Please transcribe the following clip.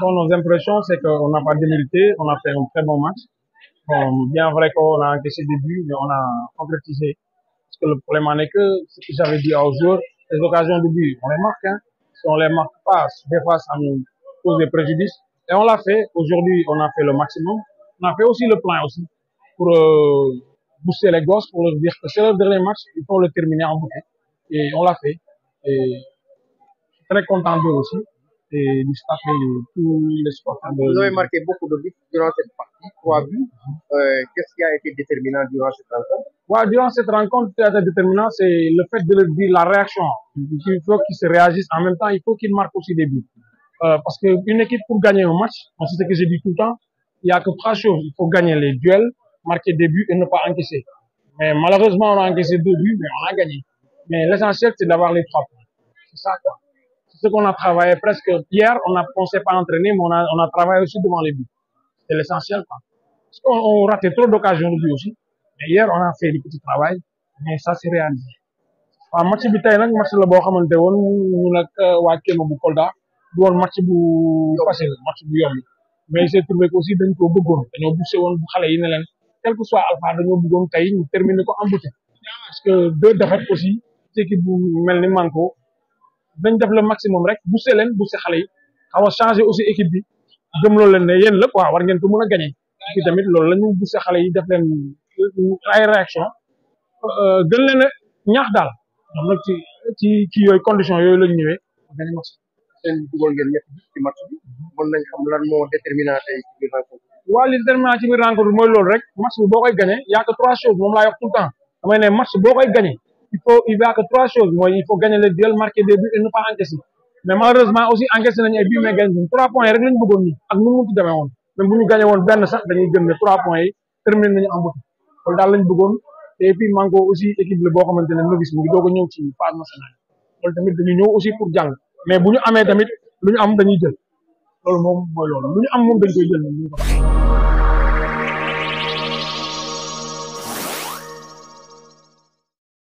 dans nos impressions, c'est qu'on n'a pas démérité, on a fait un très bon match. Bon, vrai qu'on a encaissé des buts, on a concrétisé. Parce que le problème en est que, ce que j'avais dit aux joueurs, les occasions de but, on les marque. Si les marque pas, des fois, ça nous cause des préjudices. Et on l'a fait. Aujourd'hui, on a fait le maximum. On a fait aussi le plan aussi pour euh, les gosses, pour leur dire que c'est leur dernier match, il faut le terminer E durant cette a été déterminant durant cette rencontre ouais, Durant cette rencontre, qui a été déterminant, c'est le fait de leur dire la réaction. Il se réagissent. En même temps, il faut qu'ils marquent aussi des buts. Euh, parce qu'une équipe, pour gagner un match, c'est ce que j'ai dit tout le temps, il n'y a que trois choses. Il faut gagner les duels, marquer des buts et ne pas encaisser. malheureusement, on a encaissé deux buts, mais l'essentiel, c'est d'avoir les trois points. ce qu'on a travaillé presque hier, on ne on s'est pas entraîné, on a, on a, travaillé aussi devant les buts. C'est l'essentiel. Parce qu'on on trop d'occasions de but aussi. hier, on a fait des petits travail, mais ça s'est réalisé. waaw match bi tey nag match la boo xamante woon nag euh, wa Kéema bu Kolda du woon match bu facile match bu yomb mais il s'est trouvé que aussi dañ koo bëggoon dañoo poussé woon xale yi ne leen quel que soit en beauté parce que deux défaites aussi ci équipe bu mel ni Manko dañ def le maximum rek bousee leen bousee xale yi xaw a changé aussi équipe bi gëm loolu leen ne yéen la waaw war ngeen ko mën a gagné ci tamit loolu la ñu bousee xale yi def leen ay réaction euh, gën leen a ñaax daal ñoom ci ci ci yooyu condition yooyu lañ ñëwee gagné match seen dugal ngeen ñett ci match bi nañ xam lan moo déterminant tey ci biir rencontre loolu rek match bi boo koy gagné y a que trois choses moom laa wax tout temps ne match boo koy gagné il faut il y a que trois choses mooy il faut gagner le duel marquer des buts et ne mais malheureusement aussi encaissé nañu ay mais gagné trois points rek lañu bëggoon ni ak nu mu munti demee woon même bu ñu gagné woon benn sax dañuy gëm ne trois points yi terminé nañu en beauté daal lañu bëggoon et puis Manko aussi équipe boo xamante ne novice mu ngi doog a ñëw ci phase nationale loolu tamit dañuy ñëw aussi pour jàng mais bu ñu amee tamit lu ñu am dañuy jël loolu loolu lu ñu am moom dañ